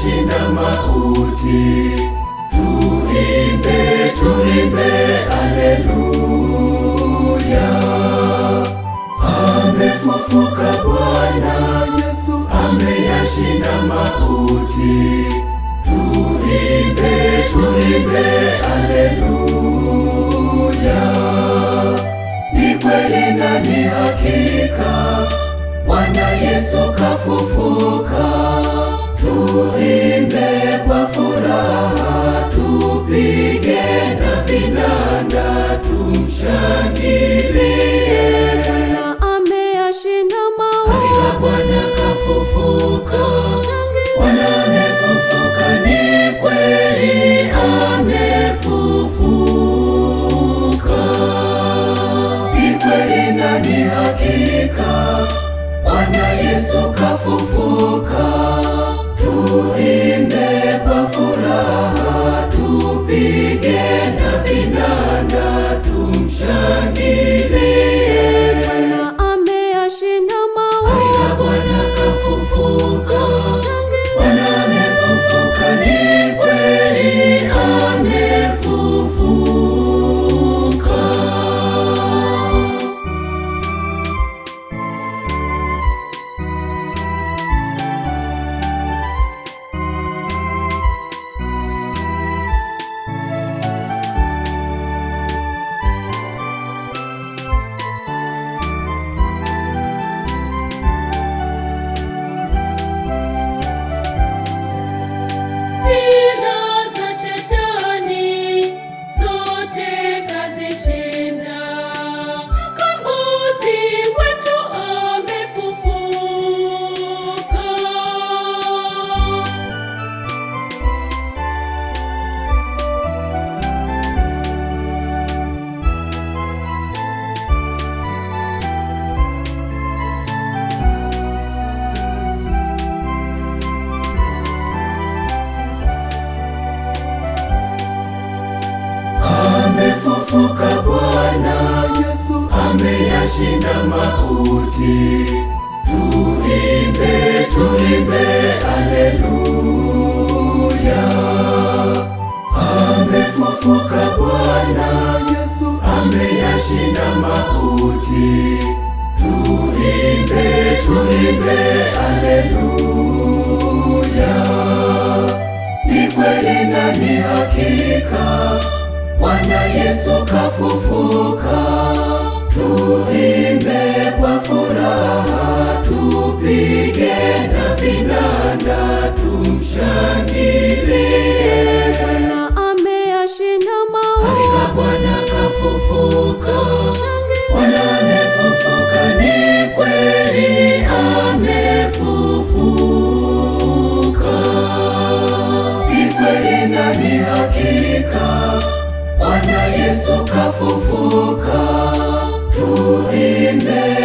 tumeshinda mauti. Tuimbe, tuimbe, aleluya. Amefufuka Bwana Yesu, ameyashinda mauti. Tuimbe, tuimbe, aleluya. Ni kweli na ni hakika Bwana Yesu kafufuka Tuimbe kwa furaha, tupige na vinanda tumshangilie. ameshinda mauti. Tuimbe, tuimbe aleluya, amefufuka Bwana Yesu, ameyashinda mauti. Tuimbe, tuimbe aleluya, ni kweli na ni hakika Bwana Yesu kafufuka tuimbe kwa furaha, tupige na vinanda, tumshangilie Bwana. Ameyashinda mauti, Bwana kafufuka, Bwana amefufuka, ni kweli amefufuka, ni kweli na ni hakika, Bwana Yesu kafufuka. Tu me.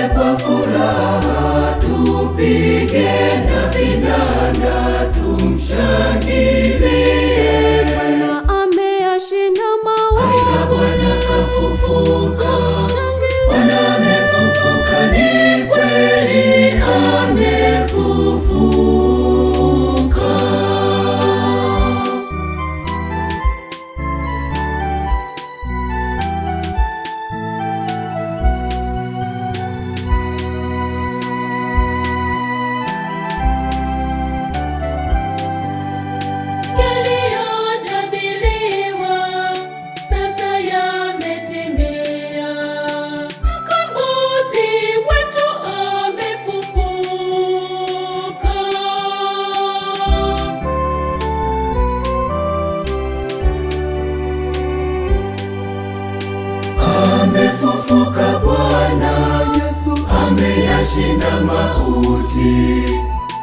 yashinda mauti.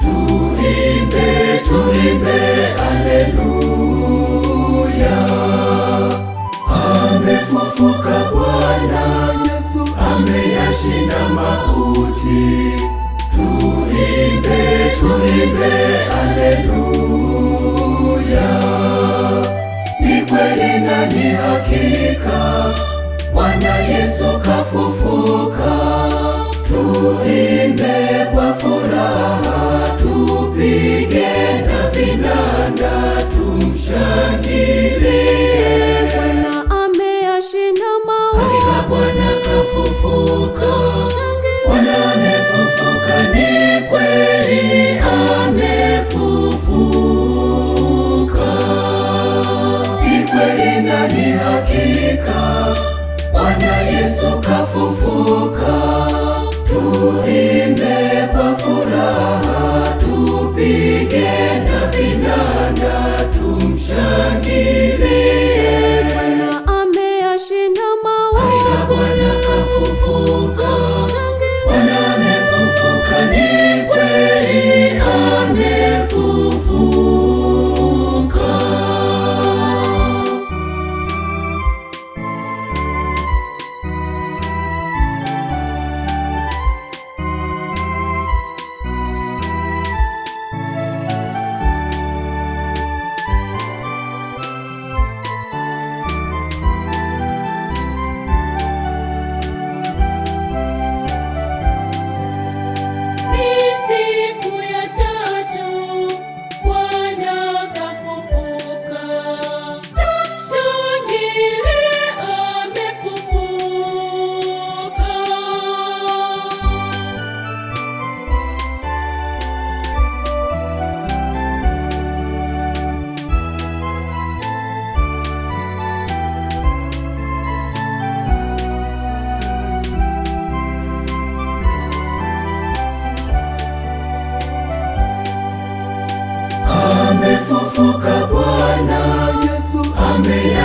Tuimbe, tuimbe aleluya, amefufuka Bwana Yesu, ameyashinda mauti. Tuimbe, tuimbe aleluya, ni kweli na ni hakika Bwana Yesu kafufuka up.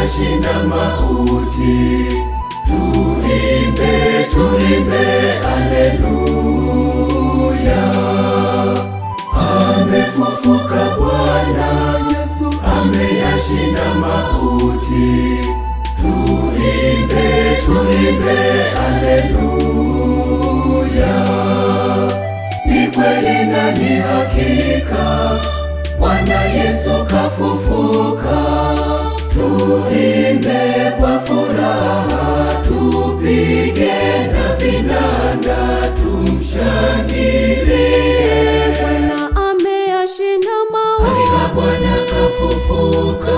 Tunashinda mauti, tuimbe, tuimbe, aleluya. Amefufuka Bwana Yesu, ameyashinda mauti, tuimbe, tuimbe, aleluya. Ni kweli na ni hakika, Bwana Yesu kafufuka Tuimbe kwa furaha, tupige na vinanda, tumshangilie. Bwana ameyashinda mauti, Bwana kafufuka,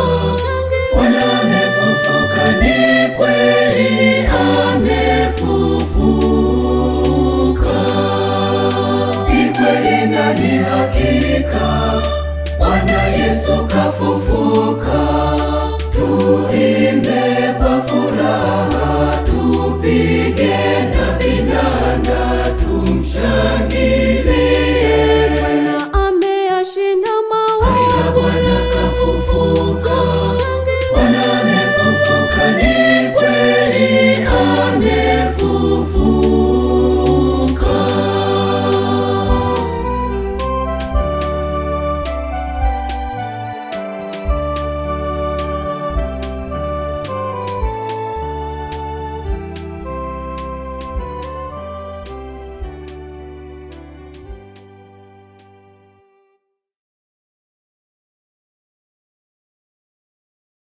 Bwana amefufuka, ni kweli amefufuka, ni kweli na ni hakika, Bwana Yesu Bwana kafufuka